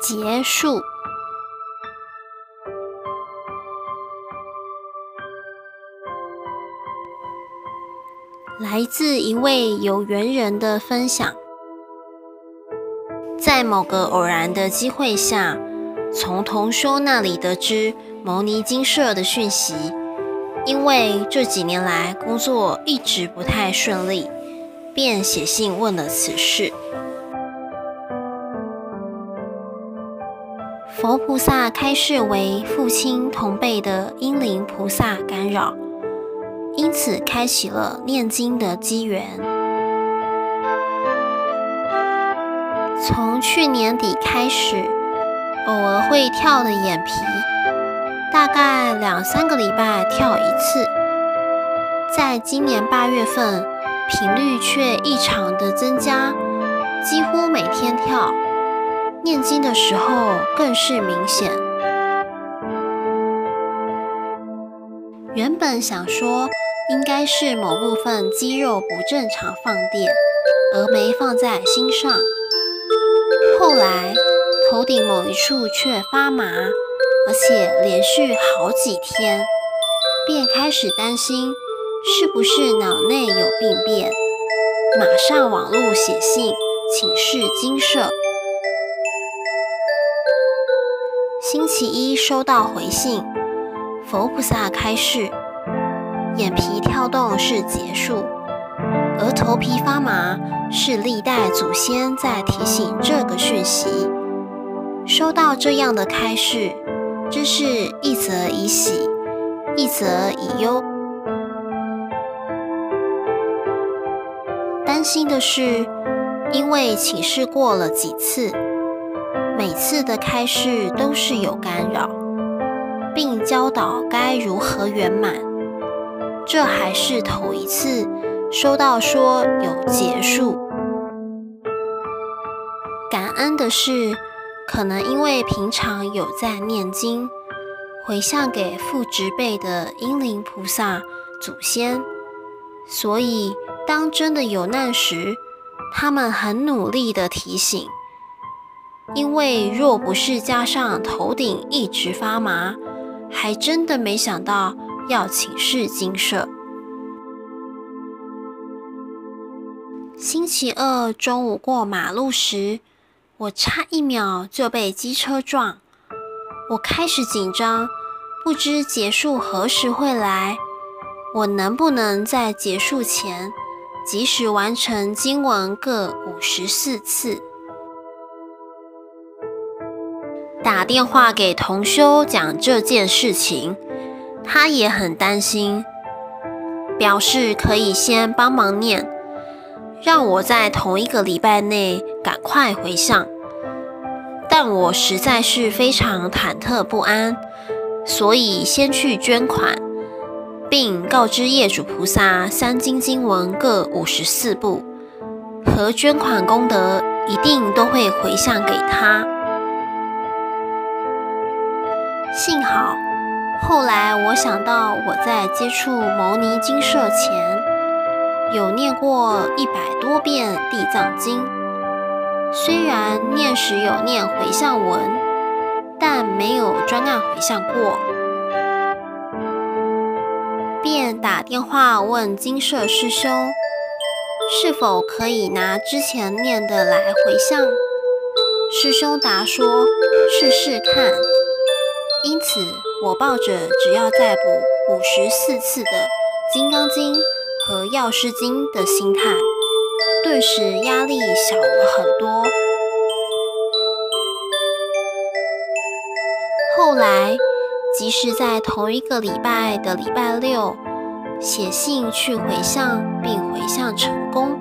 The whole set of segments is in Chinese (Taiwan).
結束。來自一位有緣人的分享，在某個偶然的機會下，從同修那裡得知牟尼精舍的訊息。因為這幾年來工作一直不太順利，便寫信問了此事。佛菩薩開示為父親同輩的陰靈菩薩干擾，因此開啟了念經的機緣。從去年底開始，偶爾會跳的眼皮，大概兩三個禮拜跳一次。在今年八月份，頻率却異常的增加，幾乎每天跳。念經的時候更是明顯。原本想說應該是某部分肌肉不正常放電，而沒放在心上。後來頭頂某一處卻發麻，而且連續好幾天，便開始擔心是不是腦內有病變，馬上網路寫信請示精舍。星期一收到回信，佛菩薩開示，眼皮跳動是結束，而頭皮發麻是歷代祖先在提醒這個訊息。收到這樣的開示，這是一則以喜，一則以憂。擔心的是，因為請示過了幾次。每次的開示都是有干擾，並教導該如何圓滿。這還是頭一次收到說有結束。感恩的是，可能因為平常有在念經回向給父執輩的英靈菩薩、祖先，所以當真的有難時，他們很努力地提醒。因為若不是加上頭頂一直發麻，還真的沒想到要請示精舍。星期二中午過馬路時，我差一秒就被機車撞，我開始緊張，不知結束何時會來，我能不能在結束前及時完成經文各五十四次？打電話給同修講這件事情，他也很擔心，表示可以先幫忙念，讓我在同一個禮拜內趕快回向。但我實在是非常忐忑不安，所以先去捐款，並告知業主菩薩三經經文各五十四部和捐款功德一定都會回向給他。幸好，後來我想到我在接觸牟尼精舍前，有念過一百多遍《地藏經》，雖然念時有念回向文，但沒有專案回向過，便打電話問精舍師兄，是否可以拿之前念的來回向。師兄答說，試試看。因此，我抱着只要再補五十四次的《金剛經》和《藥師經》的心態，頓時壓力小了很多。後來，即使在同一個禮拜的禮拜六，寫信去回向並回向成功，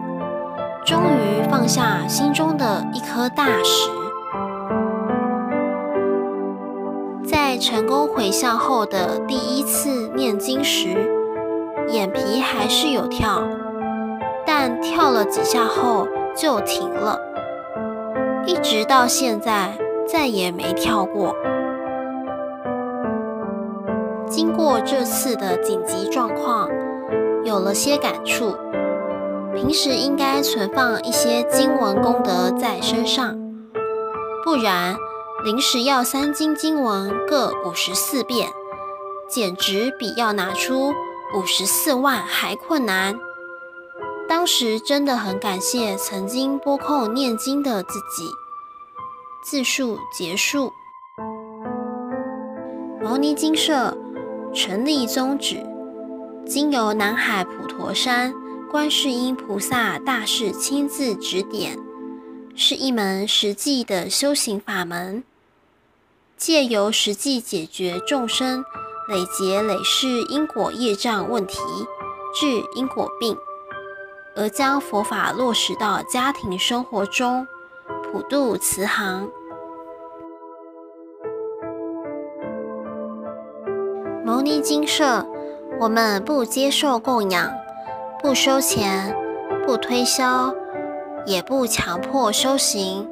終於放下心中的一顆大石。成功回向後的第一次念經時，眼皮還是有跳，但跳了幾下後就停了，一直到現在再也沒跳過。經過這次的緊急狀況，有了些感觸，平時應該存放一些經文功德在身上，不然。臨時要三經經文各五十四遍，簡直比要拿出五十四萬還困難。當時真的很感謝曾經撥空念經的自己。自述結束。牟尼精舍成立宗旨，經由南海普陀山觀世音菩薩大士親自指點，是一門實際的修行法門。借由實際解決眾生累劫累世因果業障問題，治因果病，而將佛法落實到家庭生活中，普渡慈航。牟尼精舍，我們不接受供養，不收錢，不推銷，也不強迫修行。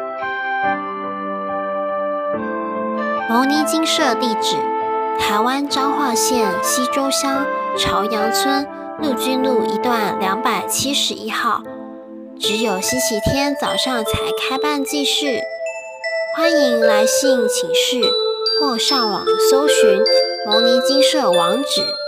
牟尼精舍地址：台灣彰化縣溪州鄉朝陽村陸軍路一段兩百七十一號。只有星期天早上才開辦濟世，歡迎來信請示或上網搜尋牟尼精舍網址。